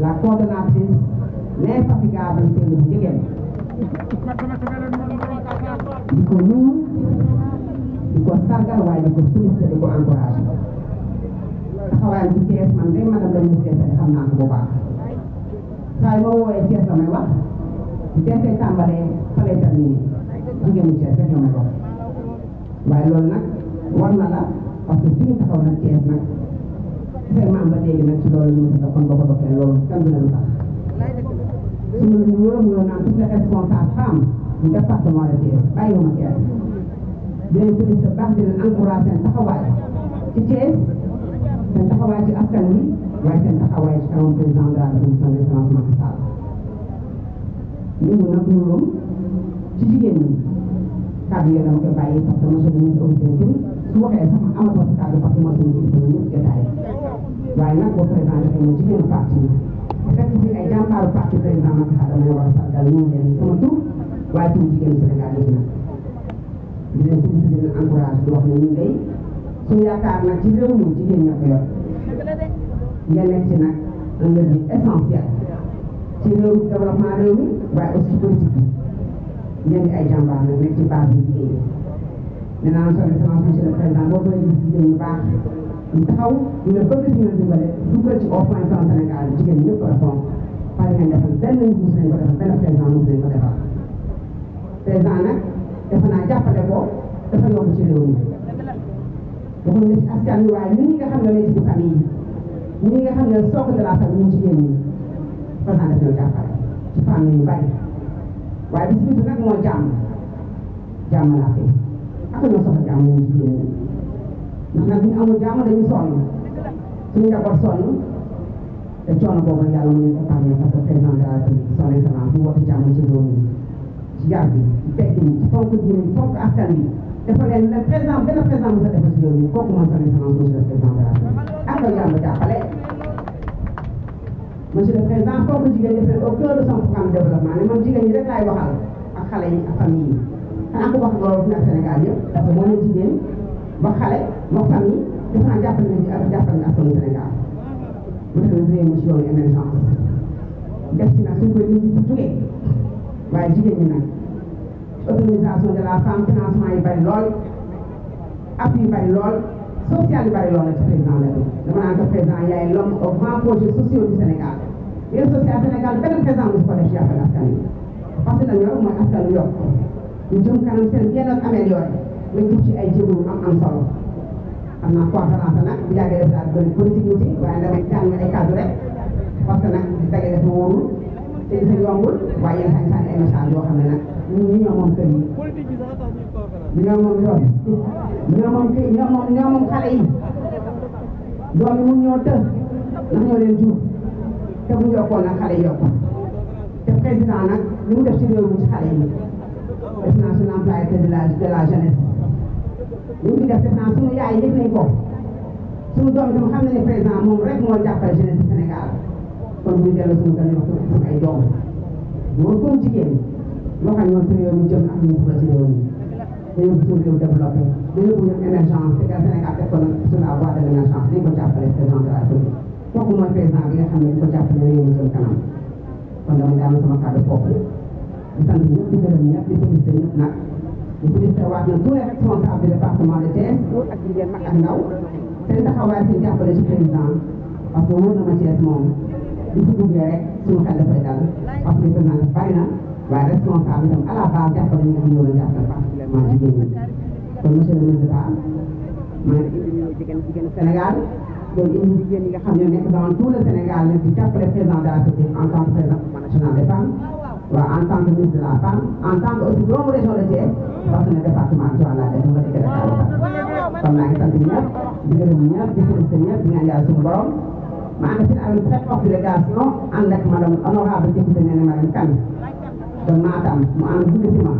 la coordonnatrice l'infatigable Seydou Ndiéguène di ko nuyu di ko sargal waaye di ko félicité di ko encouragé taxawaayam ci Thiès man day madame la ministre xam naa ko bu baax kaay boo woowee Thiès damay wax Thiès ay tàmbalee fa lay terminé jigéenu Thiès rek damay wax waaye loolu nag war na la parce que fi nga taxaw nag Thiès nag seen maam ba léegi nag ci loolu ñu ngi ko kon boo ko doxee loolu kenn du leen tax suñu la ñu wóor mënoon naan toutes les responsables femmes du département de Thiès bàyyi wu ma Thiès dinañ félicité baax dinañ encouragé seen taxawaay ci Thiès seen taxawaay ci askan wi. waaye seen taxawaay ci kanam président de la République son excellence Macky Sall ñun nag ñoom ci jigéen ñi kàddu yooyu dama koy bàyyi parce que monsieur le ministre Ousmane su waxee sax amatuma si kàddu parce que monsieur le ministre ñëpp jotaay waaye nag boo président dafay ma jigéenu parti bi fekk bi ay jàmbaaru parti président Macky Sall damay war a sargal ñoom leen sama tur waaye suñu jigéenu Sénégal yëpp nag di leen félicité di leen encouragé di wax ne ñun day suñu yaakaar nag ci réew mi jigéen ña ko yor nga nekk ci nag un levier essentiel ci réew développement réew mi waaye aussi politique bi ngeen di ay jàmbaar nag nekk ci base bi liggéey nee naa son excellence monsieur le président boo koy gis jigéen ñu baax ñu taxaw ñu ne bëgg di nga dimbale dugal ci au point plan Sénégal jigéen ñëpp la foog pare ngeen defal benn nguus lañ ko defal benn président nguus lañ ko defal président nag defe naa jàppale ko dafa yomb ci réew mi waxuñu ne ci askan wi waaye ñun ñi nga xam ne lañ ci famille yi ñi nga xam ne socle de la famille ñoom jigéen ñi président def na jàppale ci famille yu bari waaye bi si biir nag moo jàmm jàmm laa koy ak ñoo soxla jàmm ñoom jigéen ñi ndax nag bu ñu amul jàmm dañu sonn suñu njaboot sonn te coono boobu nag yàlla mënuñu ko tàmmee parce que président de la République son excellence bu woote jàmm ci réew mi ci yar bi ci teggin ci fonk diine fonk askan bi defal leen le président benn président mos a defal si loolu kooku mooy son excellence monsieur le président de la République ak yàlla ma jàppale. monsieur le président kooku jigéen ñi au cœur de son programme de développement ne man jigéen ñi rek laay waxal ak xale yi ak famille yi xanaa ko wax loolu fi ak Sénégal yëpp parce que moo ne jigéen ba xale ba famille def naa jàppale nañu ak jàppale na askanu Sénégal monsieur le président monsieur le émergence def ci nag suñu koy ñu jugee waaye jigéen ñi nag. autonomisation de la femme financement yi bari lool appui yi bari lool social yi bari lool la ci président la dama naan ko président yaay l'homme au grand projet sociaux du Sénégal yéen social Sénégal benn président mosu ko def jàppale askan wi parce que la yor mooy askan wi yokk ñu jëm kanam seen yenn ak amélioré mais def ci ay jéego am am solo xam naa conférence nag bu yàggee def daal bëri politique ñu ci waaye damay jàng ay kàddu rek parce que nag dage def ma wóorul te dina yombul waaye yenn saa yi ay message yoo xam ne nag ñi ñoo moom kër yi ñoo moom doom ñoo moom kër ñoo moom ñoo moom xale yi doom yi mun ñoo tënk ndax ñoo leen jur te bu ñu yokkoon nag xale yi yokku te président nag li mu def ci réew mi ci xale yi def naa suñu employé de la de la jeunesse li mu def def naa suñu yaay yëg nañ ko suñu doom itam xam na ne président moom rek moo jàppale jeunesse Sénégal kon ñu dellu suñu gën a yokku suñu ay doom góor comme ñoo xam ne ñoom ci réew mi jëm ak ñu soxla ci réew mi dañoo bëgg suñu réew développé dañoo bëgg def émergence te gaa Sénégal teg ko nag sur la voie de l' émergence dañ ko jàppale président de la République kooku mooy président bi nga xam ne dañ ko jàppale réew mi jëm kanam kon dama daanu sama kàddu foofu di sant ñëpp di gërëm ñëpp di félicité ñëpp nag di félicité waat na tous les responsables du département de Thiès góor ak jigéen mag ak ndaw seen taxawaay seen jàppale ci président parce que wóor na ma Thiès moom di fi duggee rek suñu xel dafay dal parce que président bàyyi na waaye responsable itam à la base jàppale ñu am ñoo la jàppale particulièrement jigéen ñi kon monsieur le ministre daal mooy Sénégal loolu indi jigéen ñi nga xam ne nekk dans tout le Sénégal ñu di jàppale président de la République en tant que président national des femmes waaw en tant que ministre de la femme en tant que aussi doomu région de Thiès parce que département Joal laa def nga dëkk Dakar kon maa ngi sant ñëpp di gërëm ñëpp di félicité ñëpp di ñaan yàlla suñu borom ma ànd si avec très forte délégation ànd ak madame honorable député Néné Marième Kane ba Matam mu ànd guddi si ma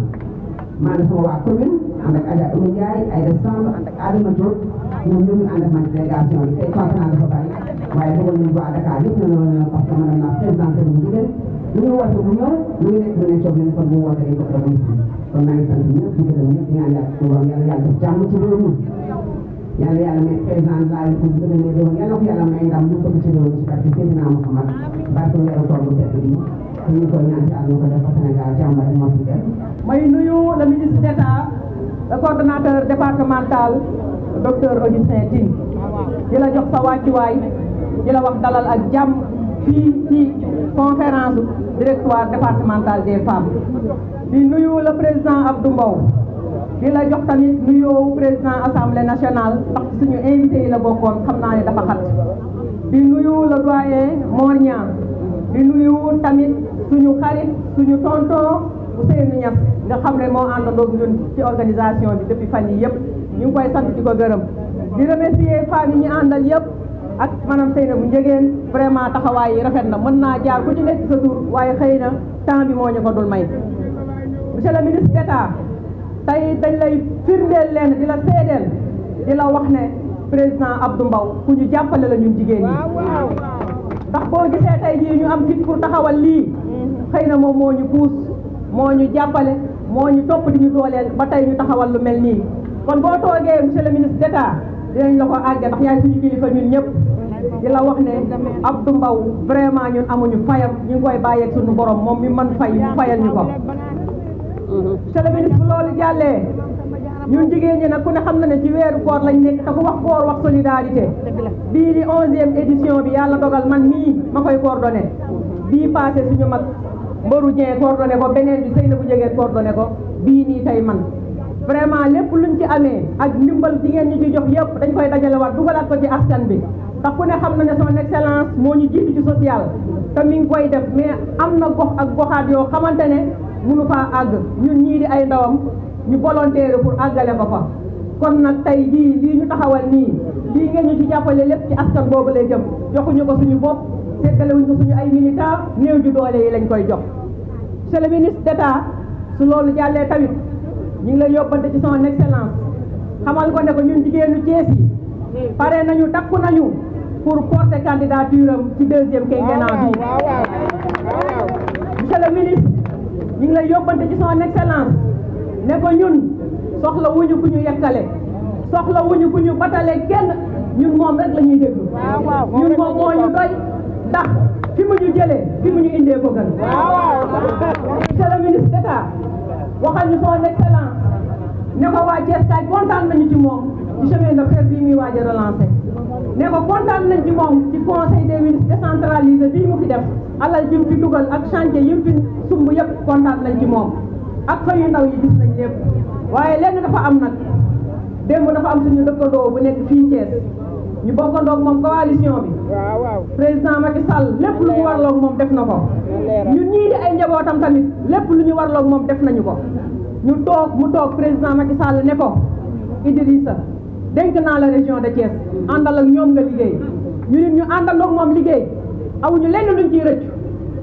ma ànd sama waa commune ànd ak Adja Oumou Ndiaye ay de Samb ànd ak Adama Diop ñoom ñoo ñu ànd ak man délégation bi tey kontaan dafa bari waaye bëggoon nañu waa Dakar yëpp ñu ne parce que man la présidente bu jigéen lu ñu woote bu ñëw lu ñu nekk lu ne coow nañu kon bu woote dañ ko ko doon kon maa ngi sant ñëpp di gërëm ñëpp ñaan yàlla suñu yàlla yàlla def jàmm ci réew mi yàlla yàlla may président de la république gën a ne doon yàlla ko yàlla may ndam lu ko ci réew mi ci parce que Seydina Mouhamad barke weeru koor bu tedd bi ñu koy ñaan ci àll ko defal Sénégal jàmm rek moo fi def may nuyu le ministre d'État le coordonnateur départemental docteur Augustin di la jox sa wàccuwaay di la wax dalal ak jàmm fii ci conférence directoire départemental des femmes di nuyu le président Abdou Mbow di la jox tamit nuyoo président assemblée nationale ndax suñu invité yi la bokkoon xam naa ne dafa xat di nuyu le doyen Mor di nuyu tamit ñu xarit suñu tonton Ousseynou Niass nga xam ne moo àndandoog ñun ci organisation bi depuis fan yi yëpp ñu ngi koy sant di ko gërëm di remercier femmes yi ñu àndal yëpp ak maanaam sëy na bu njegeen vraiment taxawaay yi rafet na mën naa jaar ku ci nekk sa tur waaye xëy na temps bi moo ñu ko dul may monsieur le ministre d'État tey dañ lay firndeel leen di la seedeel di la wax ne président Abdou mbaw ku ñu jàppale la ñun jigéen ñi ndax boo gisee tey jii ñu am fit pour taxawal lii xëy na moom moo ñu puus moo ñu jàppale moo ñu topp li ñu dooleel ba tey ñu taxawal lu mel nii kon boo toogee monsieur le ministre d'État dinañ la ko àgge ndax yaay suñu kilifa ñun ñëpp di la wax ne Abdou Mbow vraiment ñun amuñu fayam ñu ngi koy bàyyeeg suñu borom moom mi man fay mu fayal ñu ko monsieur le ministre loolu jàllee ñun jigéen ñi nag ku ne xam na ne ci weeru koor lañ nekk te ku wax koor wax solidarité bii di onzième édition bi yàlla dogal man mii ma koy coordonné bii passé suñu mag Mboru Dieng coordonné ko beneen bi Seynabou Dieng coordonné ko bii nii tey man vraiment lépp luñ ci amee ak ndimbal di ngeen ñi ci jox yëpp dañ koy dajalewaat dugalaat ko ci askan bi tax ku ne xam na ne son excellence moo ñu jiitu ci social te mi ngi koy def mais am na gox ak goxaat yoo xamante ne munu faa àgg ñun ñii di ay ndawam ñu volontaire pour àggale ba fa kon nag tey jii lii ñu taxawal nii lii ngeen ñu ci jàppale lépp ci askan boobu lay jëm joxuñu ko suñu bopp seggalewuñ ko suñu ay militants néew ju doole yi lañ koy jox monsieur le ministre d'État su loolu jàllee tamit ñu ngi lay yóbbante ci son excellence xamal ko ne ko ñun jigéenu Thiès yi pare nañu takku nañu pour porter candidature am ci deuxième quinquennat bi ñu ngi lay yóbbante ci son excellence ne ko ñun soxla wuñu ku ñu yekkale soxla wuñu ku ñu batale kenn ñun moom rek la ñuy ñun moom moo ñu doy ndax fi mu ñu jëlee fi mu ñu indee ko gën. monsieur le ministre d'État waxal ñu son excellence ne ko waa Thiès Kaay kontaan nañu ci moom ci chemin de fer bii muy waaj a relancer ne ko kontaan nañ ci moom ci conseil des ministres décentralisé bii mu fi def alal ji mu fi dugal ak chantier yi mu fi sumb yëpp kontaan nañ ci moom ak xëy yu ndaw yi gis nañ lépp waaye lenn dafa am nag démb dafa am suñu dëkkandoo bu nekk fii Thiès. ñu bokkandoo ak moom coalition bi. waaw waaw président Macky Sall lépp lu ñu warloo ak moom def na ko. ñu ñii di ay njabootam tamit lépp lu ñu warloo ak moom def nañu ko. ñu toog mu toog président Macky Sall ne ko Idrissa dénk naa la région de Thiès àndal ak ñoom nga liggéey ñu nit ñu àndal ak moom liggéey awuñu lenn luñ ciy rëcc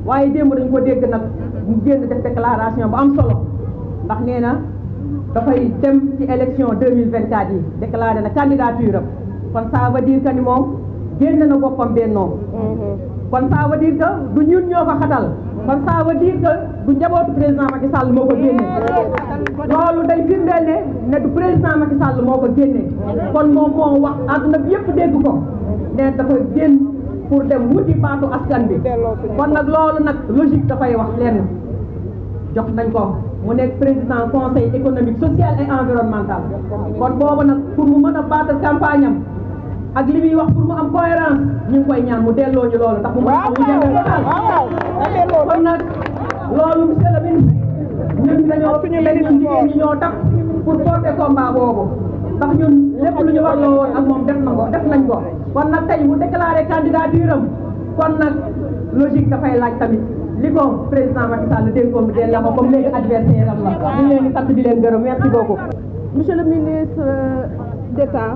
waaye démb dañ ko dégg nag mu génn def déclaration bu am solo ndax nee na dafay dem ci élection 2024 yi déclaré na candidature am. kon ça veut dire que ni moom génn na boppam bennoo mm-hmm. kon ça veut dire que du ñun ñoo ko xatal kon ça veut dire du njabootu président Macky Sall moo ko génne mm-hmm. loolu day firndeel ne ne du président Macky Sall moo ko génne mm-hmm. kon moom moo wax àdduna bi yëpp dégg ko ne dafa génn pour dem wuti baatu askan bi kon nag loolu nag logique dafay wax lenn jox nañ ko mu nekk président conseil économique social et environnemental kon boobu nag pour mu mën a battre campagne am ak li muy wax pour mu am cohérence ñu ngi koy ñaan mu delloo ñu loolu ndax mu mën a am kon nag loolu monsieur le ministre ñun dañoo ñun jigéen ñi ñoo tax pour porter combat boobu ndax ñun lépp lu ñu warloo woon ak moom def na ko def nañ ko kon nag tey mu déclaré candidature am kon nag logique dafay laaj tamit li ko président Macky Sall dénkoon bi la ko comme léegi adversaire am la ñu leen di sant di leen gërëm merci beaucoup monsieur le ministre d'État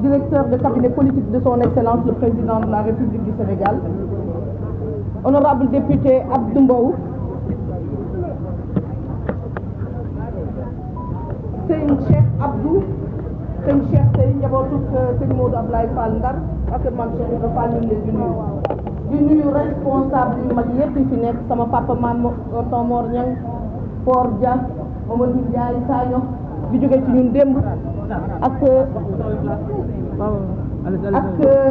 directeur de cabinet politique de son excellence le président de la République du Sénégal, honorable député Abdou Mbow, Serigne Cheikh Abdou, Serigne Cheikh Serigne njabootu euh, Serigne Modou Ablaye Fall Ndar ak Mame Cheikh Ibra Fall ñu ngi leen di nuyu di nuyu responsable yu mag yépp yi fi nekk sama papa Mame Tomor Niang Por Dia Mamadou Ndiaye Sagno bi jógee ci ñun démb ak euh, ak euh,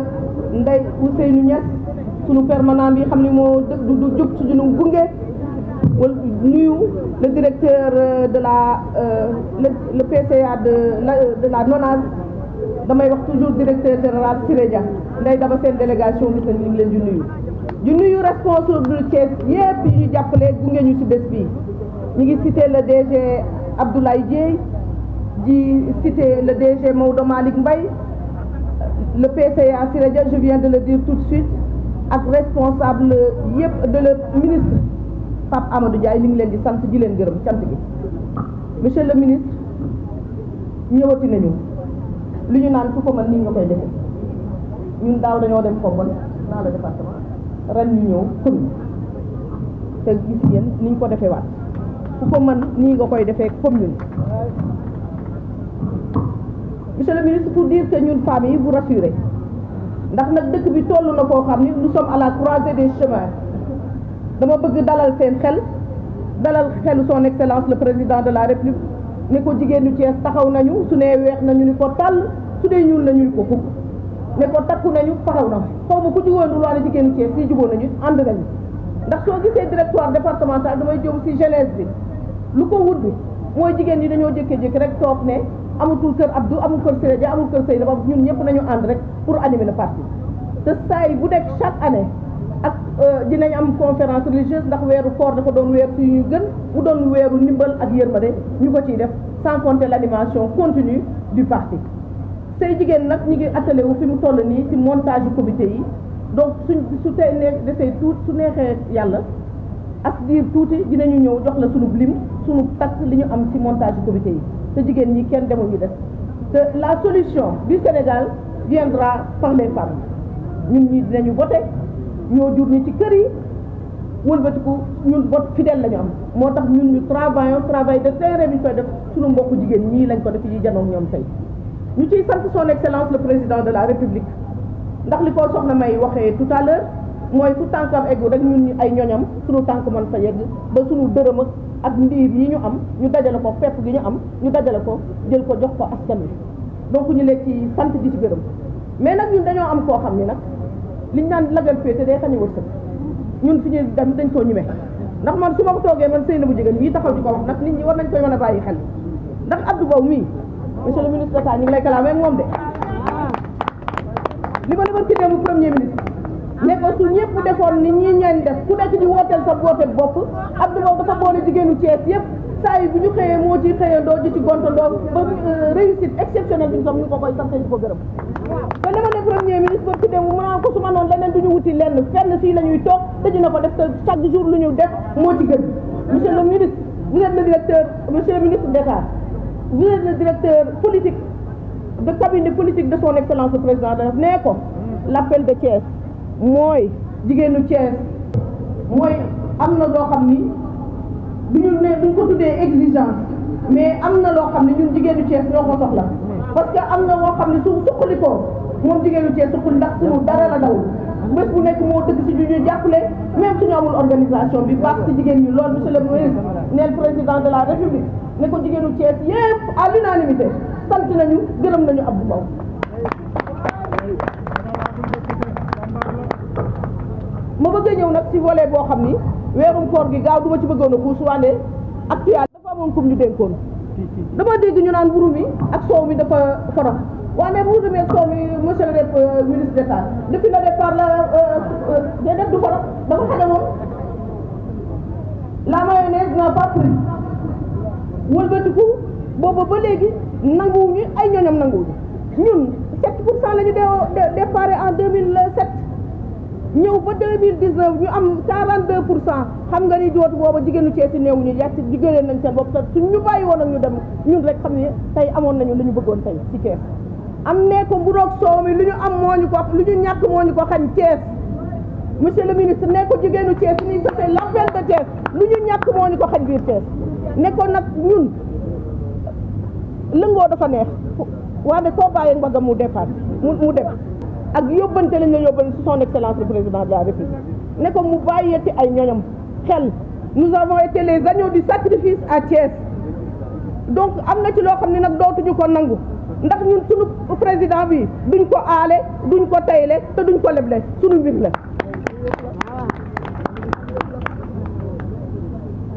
Ndeye Ousseynou Niass sunu permanent bi xam ne moo du du jóg ci ñun gunge wala nuyu le directeur euh, de la le PCA de de la NONAS damay wax toujours directeur général Siré Dia nday daba seen délégation bi ñu ngi leen di nuyu di nuyu responsable yépp yi ñu gunge ñu ci bés bi ñu ngi cité le DG Abdoulaye Dieye di citer le DG Maodo Malick Mbaye le PCA Siré Dia je viens de le dire tout de suite ak responsable yëpp de le ministre Pape Amadou Ndiaye li ngi leen di sant di leen gërëm cant bi monsieur le ministre ñëwati nañu lu ñu naan ku ko mën ni nga koy defe ñun daaw dañoo dem Koungheul dans la département ren ñu ñëw commune te gis ngeen ni ñu ko defee waat ku ko mën nii nga koy defee commune monsieur le pour dire que ñun femmes bu vous ndax nag dëkk bi toll na koo xam ni lu sommes à la croisée des chemins dama bëgg dalal seen xel dalal xelu son excellence le président de la république ne ko jigéenu Thiès taxaw nañu su nee weex nañu ni ko tàll su dee ñuul nañu ni ko fukk ne ko takku nañu taxaw na xaw ma ku ci woon du laa ne jigéenu Thiès fii jubóo nañu ànd nañu ndax soo gisee directoire départemental damay jëm si jeunesse bi lu ko wut bi mooy jigéen ñi dañoo jékki-jékki rek toog ne amatul kër Abdou amul kër Sénégal amul kër Seyda ba ñun ñëpp nañu ànd rek pour animer le parti te saa yi bu nekk chaque année ak euh, dinañ am conférence religieuse ndax weeru koor dafa doon weer yu ñu gën bu doon weeru ndimbal ak yërmande ñu ko ciy def sans compter l' animation continue du parti. say jigéen nag ñu ngi attelé wu fi mu toll nii ci montage comité yi donc su su te nee defee tuut su neexee yàlla ak diir tuuti dinañu ñëw jox la sunu lim sunu takk li ñu am ci montage comité yi. te jigéen ñi kenn demul ñu des te la solution du Sénégal viendra par les femmes ñun ñii dinañu voté ñoo jur ni ci kër yi wëlbatiku ñun vote fidèle lañu am moo tax ñun ñu travaillons travail de terrain bi ñu koy def suñu mbokku jigéen ñii lañ ko def yi janoog ñoom tey ñu ciy sant son excellence le président de la république ndax li ko soxna may waxee tout à l'heure mooy ku tànkam eggu rek ñun ñu ay ñoñam suñu tànk mën fa yegg ba suñu dërëm ak ak ndiir yi ñu am ñu dajale ko pepp gi ñu am ñu dajale ko jël ko jox ko askan wi donc ñu leen ci sant di ci gërëm mais nag ñun dañoo am koo xam ni nag liñ naan lagal féete day xañu wërsëg ñun fi ñuy dem dañ koo ñime ndax man su ma ko toogee man sëy na bu jigéen mii taxaw ci ko wax nag nit ñi war nañ koy mën a bàyyi xel ndax Abdou Mbow mii monsieur le ministre d'État ñu ngi lay kalaamee ak moom de ah. li ma la war ci démb premier ministre ne ko su ñëpp defoon ni ñii ñeen def ku nekk di wooteel sa wooteel bopp Abdou Mbow dafa boole jigéenu Thiès yëpp saa yi bu ñu xëyee moo ci xëyandoo di ci gontandoo ba euh, réussite exceptionnelle bi ñu ñu ko koy sant ñu ko gërëm. te dama ne premier ministre ci démb mu naan ko su ma leneen du ñu wuti lenn fenn fii la ñuy toog tëj na ko def te chaque jour lu ñu def moo ci gën monsieur le ministre vous êtes le directeur monsieur le directeur politique de cabinet politique de son excellence président daf ne ko l'appel mooy jigéenu Thiès mooy am na loo xam ni du ñu ne duñ ko tuddee exigence mais am na loo xam ne ñun jigéenu Thiès ñoo ko soxla parce que am na loo xam ne su suqalikoo moom jigéenu Thiès suqal ndax suñu dara la dawul bés bu nekk moo dëgg si ju ñu jàppale même suñu amul organisation bi baax si jigéen ñi lool monsieur le ministre neel président de la république ne ko jigéenu Thiès yépp à l'unanimité sant nañu gërëm nañu Abdou Mbow ma bëgg a ñëw nag ci volet boo xam ni weerum koor gi gaaw duma ci bëggoon a xuus waane actuel dafa amoon comme ñu dénkoon dama dégg ñu naan mburu mi ak soow mi dafa forox waane mburu mi ak soow mi monsieur le def euh, ministre d'état depuis le départ la day euh, euh, def du forox dafa xaje woon la mayonnaise n'a pas pris wëlbatiku booba ba léegi nanguwuñu ay ñoñam nanguwuñu ñun 7 pour cent la ñu dee départ en 2007 ñëw ba deux mille dix neuf ñu am quarante deux pour cent xam nga ni jootu booba jigéenu Cees yi néewuñu yàgg si jigéen nañ seen bopp te su ñu bàyyi woon ak ñu dem ñun rek xam ne tey amoon nañu lu ñu bëggoon tey ci Cees am nee ko bu mburoog soow mi lu ñu am moo ñu ko lu ñu ñàkk moo ñu ko xañ Cees monsieur le ministre nee ko jigéenu Cees ni ça fait l'appel de Cees lu ñu ñàkk moo ñu ko xañ biir Cees ne ko nag ñun lëngoo dafa neex waaye koo bàyyi mbaga mu départ mu mu dem ak yóbbante lañ la yóbbal si son excellence le président de la république ne ko mu bàyyeeti ay ñoñam xel nous avons été les di du sacrifice à Thiès donc am na ci loo xam ne nag dootuñu ko nangu ndax ñu suñu président bi duñ ko aale duñ ko tayle te duñ ko leble suñu mbir la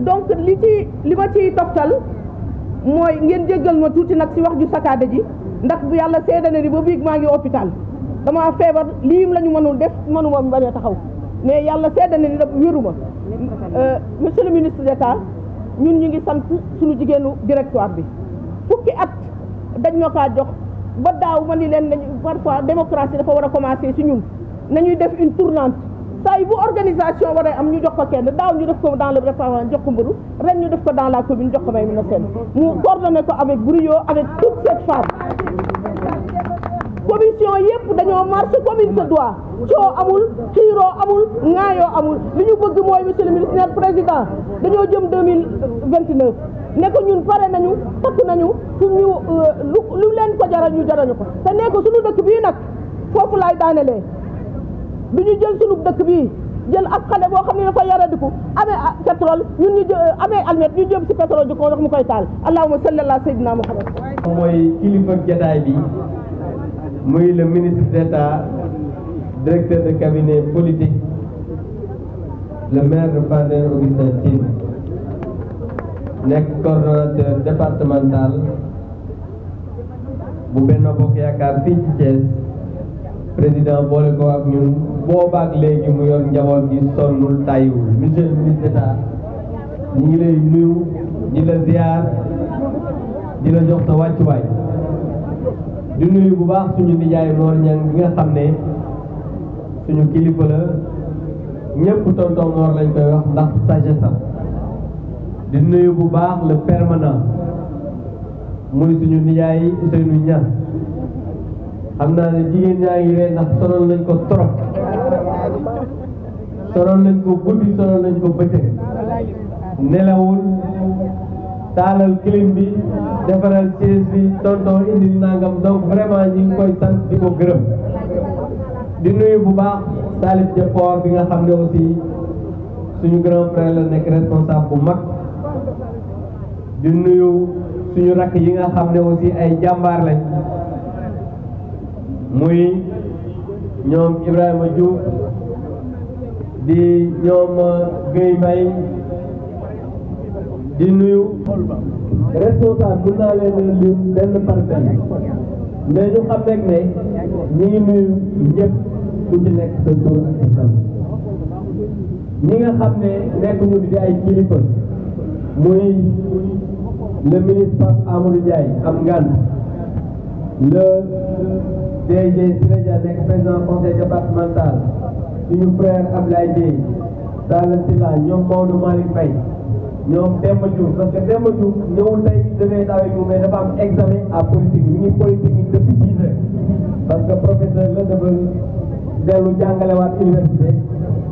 donc li ci li ma ciy toftal mooy ngeen jéggal ma tuuti nag si wax ju sakaade ji ndax bu yàlla seedane ni ba biig maa ngi hôpital dama feebar lii la ñu mënul def mënuma bañ a taxaw mais yàlla seede na ni da wéruma euh, monsieur le ministre d'État ñun ñu ngi sant suñu jigéenu directoire bi fukki at dañ ñoo kaa jox ba daaw ma ni leen nañu parfois démocratie dafa war a commencer si ñun nañuy def une tournante saa yi bu organisation war a am ñu jox ko kenn daaw ñu def ko dans le département jox ko mburu ren ñu def ko dans la commune jox ko may mun a seen mu coordonné ko avec commission yëpp dañoo marché comme il se doit coo amul xiiroo amul ŋaayoo amul li ñu bëgg mooy monsieur le ministre président dañoo jëm deux mille vingt neuf nekk ko ñun pare nañu takk nañu fu ñu euh, lu leen ko jaral ñu jarañu ko te nee ko suñu dëkk bii nag foofu laay daanelee du ñu jël suñu dëkk bi jël ak xale boo xam ne dafa yaradiku amee pétrole ñun ñu euh, amee almet ñu jëm si pétrole di ko wax mu koy taal allahumma salli ala sayyidina muhammad mooy kilifa jotaay bi muy le ministre d'État directeur de cabinet politique le maire de Fandène Augustin Tine nekk coordonnateur départemental bu Benno Bokk Yaakaar fii ci Thiès président boole ko ak ñun boobaak léegi mu yor njaboot gi sonnul tàyyiwul monsieur le ministre d'État ñu ngi lay nuyu di la ziar di la jox sa wàccuwaay di nuyu bu baax suñu nijaay Mor Niang bi nga xam ne suñu kilifa la ñëpp tonton Mor lañ koy wax ndax sagesse di nuyu bu baax la permanent muy suñu nijaay Ousseynou Niang xam naa ne jigéen yaa ngi ree ndax sonal nañ ko trop sonal nañ ko guddi sonal nañ ko bëccëg nelawul taalal clim bi defaral chaise bi tonton indil nangam donc vraiment ñi ngi koy sant di ko gërëm di nuyu bu baax Salif Diapor bi nga xam ne aussi suñu grand frère la nekk responsable bu mag di nuyu suñu rakk yi nga xam ne aussi ay jàmbaar lañ muy ñoom Ibrahima Diouf di ñoom Guèye Mbaye di nuyu responsable mun naa leen lim benn par benn mais ñu xam rek ne ñu ngi nuyu ñëpp ku ci nekk sa tur ak sa sant ñi nga xam ne nekk ñu di ay kilifa muy le ministre Pape Amadou Ndiaye am ngànt le DG Siré Dia nekk président conseil départemental suñu frère Ablaye Dieye Sala Sylla ñoom Maodo Malick Faye ñoom Demba Diouf parce que Demba Diouf ñëwul tey demee daaw yi mais dafa am examen à politique mi ngi politique yi depuis dix ans parce que professeur la dafa dellu jàngalewaat université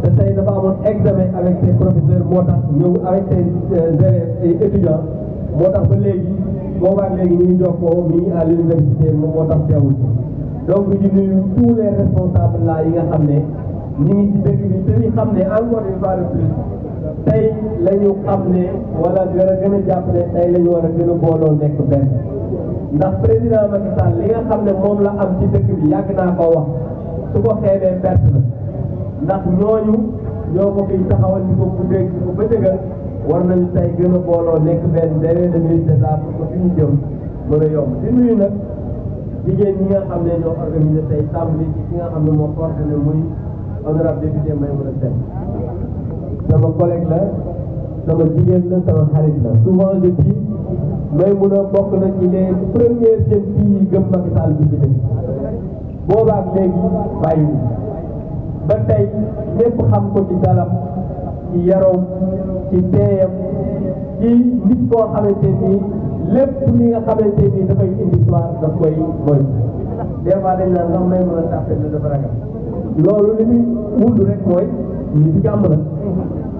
te tey dafa amoon examen avec ses professeurs moo tax ñëw avec ses euh, élèves et étudiants moo tax ba léegi boobaak léegi ñu ngi jokkoo mi ngi à l'université moom moo tax teewul donc ñu nuyu tous les responsables là yi nga xam ne ñu ngi ci dëkk bi te ñu xam ne encore une fois de plus tey la ñu xam ne wala gën a gën ne tey la ñu war a gën a nekk ben ndax président Macky Sall li nga xam ne moom la am ci dëkk bi yàgg naa koo wax su ko xeebee perte la ndax ñooñu ñoo ko fiy taxawal di ko guddee di ko bëccëgal war nañu tey gën a booloo nekk benn déwén dañuy dèjà pour que fi ñu jëm mën a yomb di nuyu nag jigéen ñi nga xam ne ñoo organisé tey tàmbali ci ki nga xam ne moo coordonné muy honorable député Maymouna Sène sama collègue la sama jigéen la sama xarit la souvent je dis may mun a bokk na ci les premières jeunes filles yi gëm Macky bi ci def boobaak léegi bàyyi ba tey ñëpp xam ko ci dalam ci yaroom ci teeyam ci nit koo xamante nii lépp li nga xamante nii dafay indi histoire daf koy mooy des fois dañ naan sax may mën a tàppe dafa ragal loolu li muy wund rek mooy ñu ci jàmm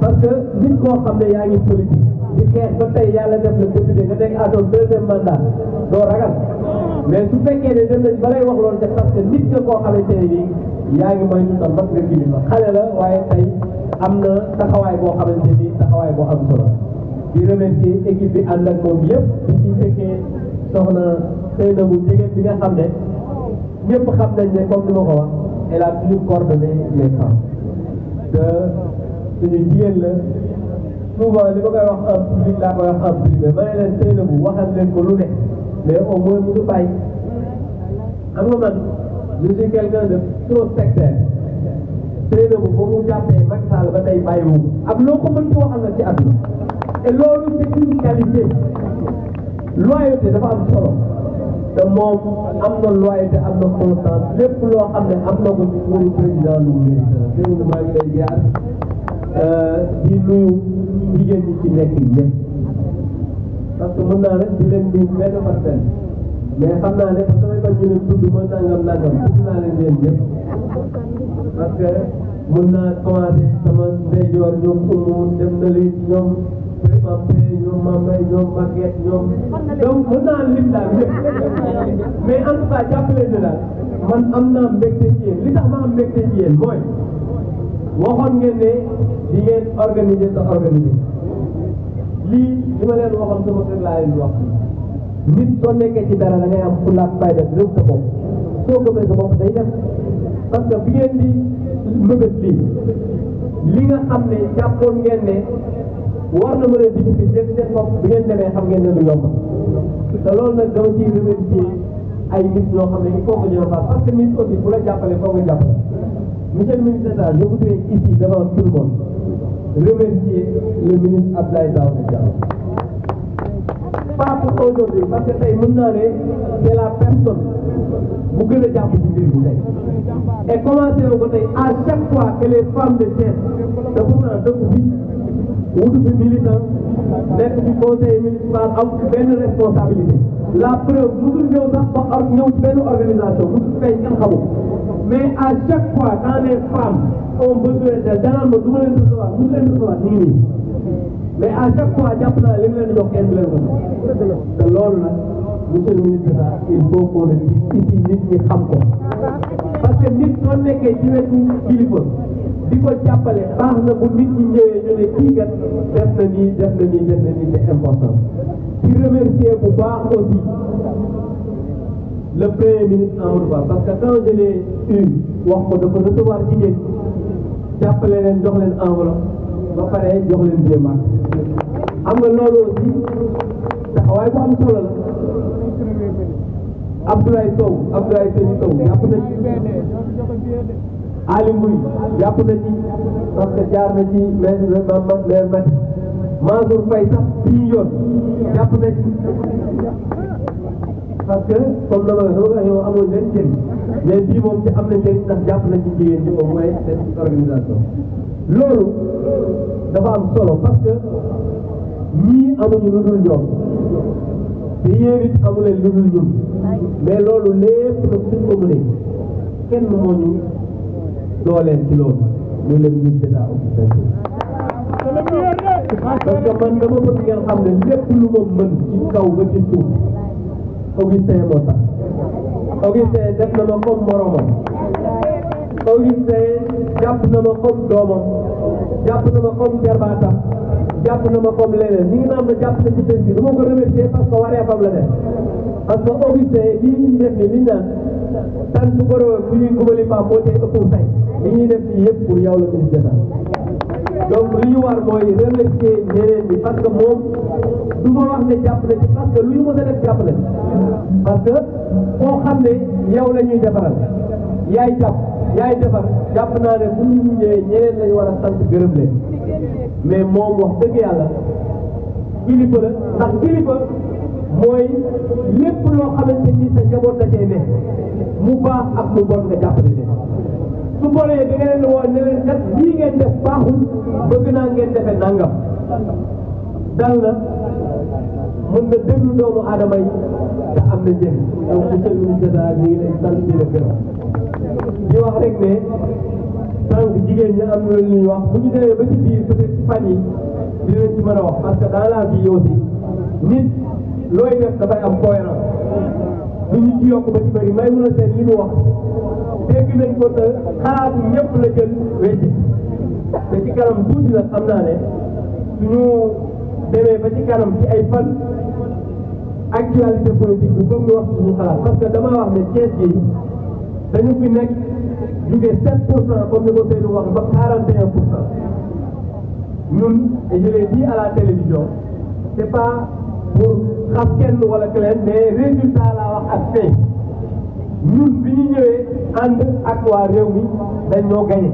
parce que nit ko xam ne yaa ngi politique di xeex ba tey yàlla def la député nga nekk à ton deuxième mandat doo mais su fekkee ne dem nañ ba lay wax loolu te parce que nit nga koo xamante ne nii yaa ngi moytu sa mat nga kilifa xale la waaye tey am na taxawaay boo xamante ni taxawaay boo am solo di remercier équipe bi ànd ak moom yëpp di ci fekkee soxna xëy na bu jege bi nga xam ne ñëpp xam nañ ne comme ni ma ko wax suñu jigéen la souvent li ma koy wax en public laa koy wax en privé ma ne leen tey bu waxal leen ko lu ne mais au moins mu ngi bàyyi xam nga man je suis quelqu'un de trop sectaire tey bu ba mu jàppee Macky Sall ba tey bàyyi wu ak loo ko mënti waxal la ci àdduna et loolu c'est une qualité loyauté dafa am solo te moom am na loyauté am na constance lépp loo xam ne am na ko ci président lu mu mérite maa ngi lay jaar Euh, di nuyu jigéen ñi ci nekk ñëpp parce que mën naa rek di leen nuyu benn par benn mais xam naa ne samay bañ ñu leen tudd ma nangam nangam tudd naa leen leen ñëpp parce que mën naa commencé sama ndeyjoor ñoom Oumou dem na li ñoom Pampé ñoom Mambay ñoom Maguette ñoom donc mën naa lim daal lépp mais en tout cas jàppale ne daal man am naa mbégte ci yéen li tax ma am mbégte ci yéen mooy. waxoon ngeen ne di ngeen organiser te organiser lii li ma leen waxoon sama kër laa leen wax nit soo nekkee ci dara da ngay am fulla ak fayda bi sa bopp soo gëmee sa bopp day def parce que bi ngeen di mëbët lii li nga xam ne jàppoon ngeen ne war na mën a biti seen seen bopp bi ngeen demee xam ngeen ne lu yomb te loolu nag dama ciy remercier ay nit ñoo xam ne il faut que ñu parce que nit aussi bu la jàppale foo nga jàppale Monsieur le ministre d'État, je voudrais ici, devant tout le monde, remercier le ministre Abdoulaye Daouda Diallo. Pas pour aujourd'hui, parce que tey mën naa ne c'est la personne bu gën a jàpp ci mbir mi tey. et commencé na ko tey à chaque fois que les femmes de Thiès te pourtant dëkk bi wutu fi militant nekk ci conseil municipal am benn responsabilité. la preuve musul ñëw sax ba or ñëw ci benn organisation musul fay kenn xamul. mais à chaque fois quand les femmes ont besoin d'elle danaan ma du ma leen recevoir mu leen recevoir nii nii mais à chaque fois jàpp naa li mu leen jox kenn du leen ko te loolu nag monsieur le ministre ça il faut qu'on le dise ici nit ñi xam ko parce que nit soo nekkee ci wetu kilifa di ko jàppale baax na bu nit ñi ñëwee ñu ne kii kat def na nii def na nii def na nii c'est important di remercier bu baax aussi le premier ministre Amadou Ba parce que quand je l'ai eu wax ko dafa recevoir jigéen jàppale leen jox leen enveloppe ba pare jox leen deux marques am nga loolu aussi taxawaay bu am solo la Abdoulaye Sow Abdoulaye Seyni Sow jàpp na ci Ali Mbuy jàpp na ci parce que jaar na ci maire parce que comme la ma la yow amul benn njëriñ mais bii moom ci am na njëriñ ndax jàpp nañ ci jigéen ñi au moins cette organisation. loolu dafa am solo parce que ñii amuñu lu dul ñoom te yéen it amu leen lu dul ñun mais loolu lépp nag suñ ko mënee kenn moo ñu dooleel ci loolu muy le ministre d'état officiel parce que man dama bëgg ngeen xam ne lépp lu ma mën ci kaw ba ci suuf. Augustin moo tax Augustin def na ma comme moromam Augustin jàpp na ma comme doomam jàpp na ma comme jarbaatam jàpp na ma comme leneen ñi ngi naan ma jàpp na ci bés bi du ma ko remercier parce que wareefam la def parce que Augustin lii ñu def ni liñ naan tant que borom bi ñuy li ñuy def nii yëpp pour yow la ñu jotaat donc li ñu war mooy remercier ñeneen bi parce que moom du ma wax ne jàpp na lu ñu parce que koo xam ne yaw lañuy ñuy defaral yaay jàpp yaay defar jàpp naa ne bu ñu ñëwee ñeneen lañu war a sant gërëm leen mais moom wax dëgg yàlla kilifa la ndax kilifa mooy lépp loo xamante ni sa njaboot da cee ne mu baax ak mu bon nga jàppale leen su bonee da ngeen woo ne leen kat lii ngeen def baaxul bëgg naa ngeen defee nangam dal na mën na déglu doomu aadama yi te am na njëriñ donc monsieur le ministre ñu ngi lay sant di la gërëm di wax rek ne sànq jigéen ñi am na lu ñuy wax bu ñu demee ba ci biir peut-être ci fan yi dinañ ci mën a wax parce que dans la vie aussi nit looy def dafay am cohérence du ñu ci yokk ba ci bëri may mun a seen li mu wax dégg nañ ko te xalaatu ñëpp la jël wécc te ci kanam tuuti la xam naa ne suñu. demee ba ci kanam ci ay fan actualité politique bi foog ñu wax suñu xalaat parce que dama wax ne Thiès yi dañu fi nekk jugee 7 pour cent comme ni ko Seydou wax ba 41 pour cent ñun je l'ai dit à la télévision c'est pas pour xam kenn wala keneen mais résultat laa wax ak fee ñun bi ñu ñëwee ànd ak waa réew mi dañ ñoo gagné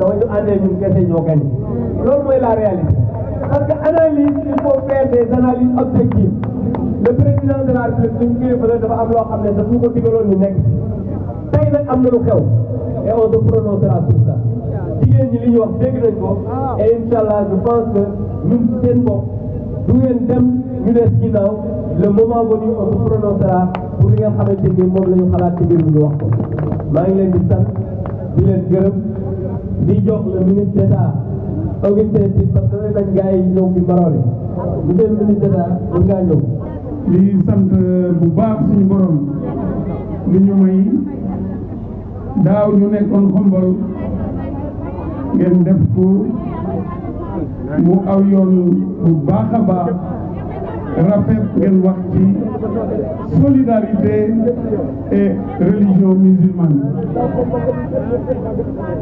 dama ñu àndee ñun kese ñoo gagné loolu mooy la réalité. parce que analyse il faut faire des analyses objectives le dafa am loo xam ne daf ñu ko digaloon ñu nekk tey nag am na lu xew et on se prononcera sur jigéen ñi li ñu wax dégg nañ ko et incha allah je pense que seen bopp du ngeen dem ñu des ginnaaw le moment venu on se prononcera pour li nga xamante ni moom la xalaat ci biir bi ñu wax maa ngi leen di sant di leen gërëm di jox le ministre d'État augustin bi parce que damay bañ gars yi ñëw fi mbaroole monsieur sant euh, bu baax suñu borom li ñu may daaw ñu nekkoon xombol ngeen def ko mu aw yoon bu baax a baax rafet ngeen wax ci solidarité et religion musulmane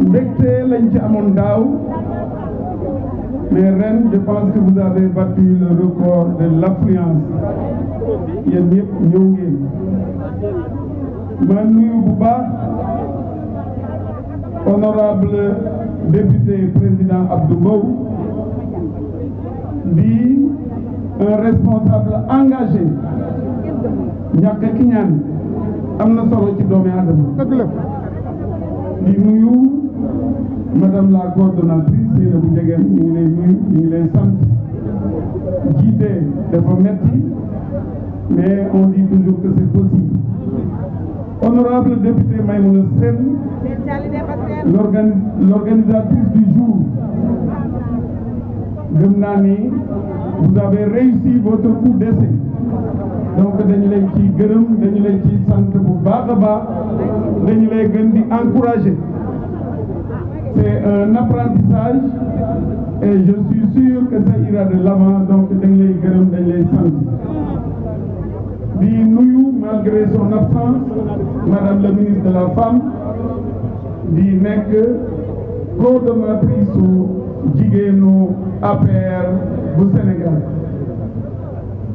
mbégte lañ ci amoon daaw mais ren je pense que vous avez battu le record de l'affluence yéen ñëpp ñëw ngeen ma nuyu bu baax honorable député président Abdou Mbow di un responsable engagé ñàkk ki ñaan am na solo ci doomu aadama di nuyu madame la coordonnatrice Seynabou Ndiéguène ñu ngi lay nuyu ñu ngi lay sant jiite dafa metti mais on dit toujours que c'est possible honorable député Maïmouna Sène l'organisatrice du jour gëm naa ni vous avez réussi votre coup d'essai donc dañu lay ciy gërëm dañu lay ciy sant bu baax a baax dañu lay gën di encourager c'est un apprentissage et je suis sûr que ça ira donc dañ gërëm dañ lay di nuyu malgré son absence madame la ministre de la femme di nekk coordonnatrice su jigéenu APR bu Sénégal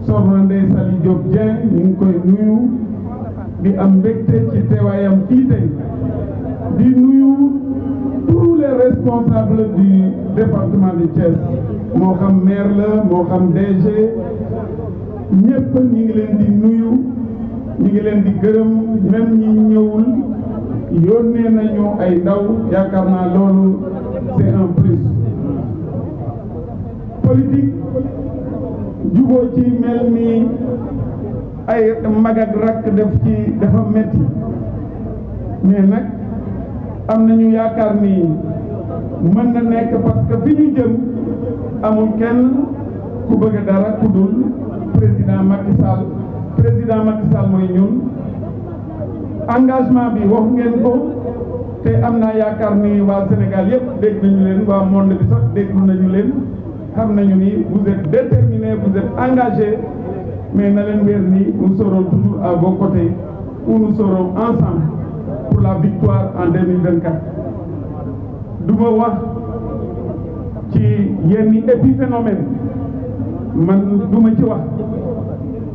soxna Ndeye Saly Diop Dieng ngi koy nuyu di am mbégte ci teewaayam fii di nuyu tous les responsables du département de Thiès moo xam maire la moo xam DG ñëpp ñi ngi leen di nuyu ñi ngi leen di gërëm même ñi ñëwul yónnee nañu ay ndaw yaakaar naa loolu c'est un plus politique juboo ci mel ni ay mag ak rakk def ci dafa metti mais nag am nañu yaakaar ni mën na nekk parce que fi ñu jëm amul kenn ku bëgg dara ku dul président Macky Sall président Macky Sall mooy ñun engagement bi wax ngeen ko te am naa yaakaar ni waa Sénégal yëpp dégg ñu leen waa monde bi sax dégg nañu leen xam nañu ni vous êtes déterminés vous êtes engagés mais na leen weer ni nous serons toujours à vos côtés où nous pour la victoire en 2024 du ma wax ci yenn épiphénomène man du ma ci wax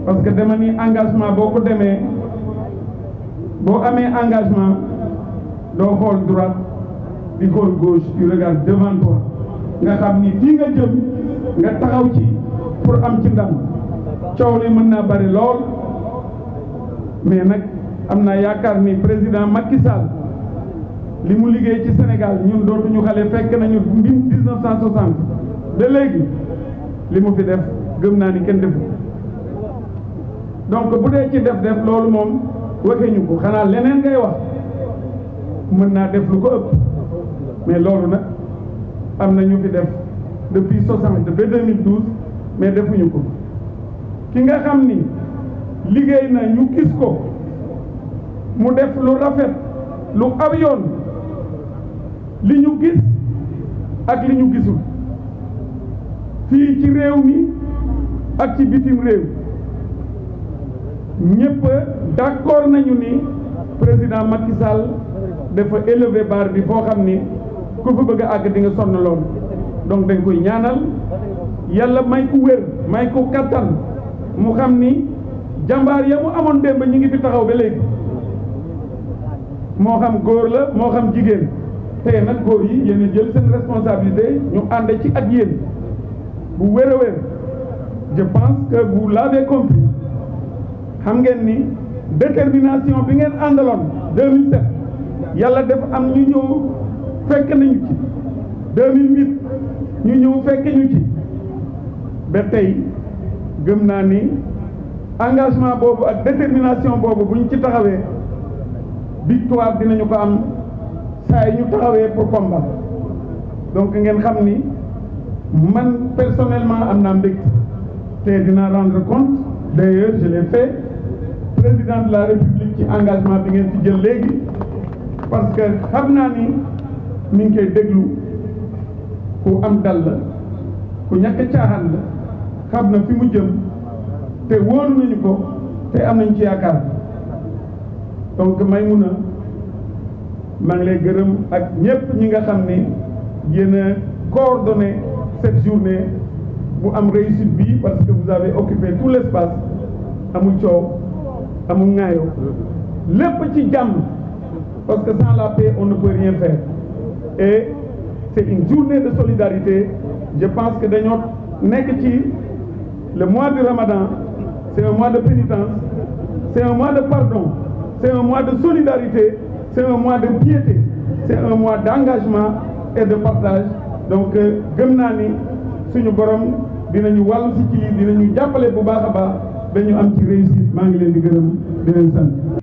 parce que dama ni engagement boo ko demee boo amee engagement doo xool droite di xool gauche tu regardes devant toi nga xam ni fii nga jëm nga taxaw ci pour am ci ndax coow li mën naa bari lool mais nag am naa yaakaar ni président Macky Sall li mu liggéey ci Sénégal ñun dootuñu xale fekk nañu mbind 1960 ba léegi li mu fi def gëm naa ni kenn defu donc bu dee ci def-def loolu moom waxee ñu ko xanaa leneen ngay wax mën naa def lu ko ëpp mais loolu nag am na ñu fi def depuis 60 ba 2012 mais defuñu ko ki nga xam ni liggéey na ñu gis ko. mu def lu rafet lu aw yoon li ñu gis ak li ñu gisu fii ci réew mi ak ci bitim réew ñëpp d'accord nañu ni président Macky Sall dafa élever barre bi foo xam ni ku fa bëgg a àgg di nga sonn lool donc dañ koy ñaanal yàlla may ku wér may ku kattan mu xam ni jàmbaar ya mu amoon démb ñu ngi fi taxaw ba léegi. moo xam góor la moo xam jigéen tey nag góor yi yéen jël seen responsabilité ñu ànd ci ak yéen bu wér wér je pense que vous l'avez compris xam ngeen ni détermination bi ngeen àndaloon 2007 yàlla def am ñu ñëw fekk nañu ci 2008 ñu ñëw fekk ñu ci ba tey gëm naa ni engagement boobu ak détermination boobu buñ ci taxawee. victoire dinañu ko am saa yi ñu taxawee pour combat donc ngeen xam ni man personnellement am naa mbégte te dinaa rendre compte d'ailleurs je président la république ci engagement bi ngeen ci jël léegi parce que xam naa ni mi ngi koy déglu ku am dal la ku ñàkk caaxaan la xam na fi mu jëm te wóolu nañu ko te am nañ ci yaakaar donc Maymuna maa ngi lay gërëm ak ñëpp ñi nga xam ni yéen a coordonné cette journée bu am réussite bi parce que vous avez occupé tout l' espace amul coow amul ŋaayoo lépp ci jàmm parce que sans la paix on ne peut rien faire et c' est une journée de solidarité je pense que dañoo nekk ci le mois du Ramadan c' est un mois de pénitence c' un mois de pardon. c'est mois de solidarité, c'est un mois de piété, c'est un mois d'engagement et de partage donc euh, gëm naa ni suñu borom dinañu wàllu si ci lii dinañu jàppale bu baax a baax ba ñu am ci réussite maa ngi leen di gërëm di leen sant.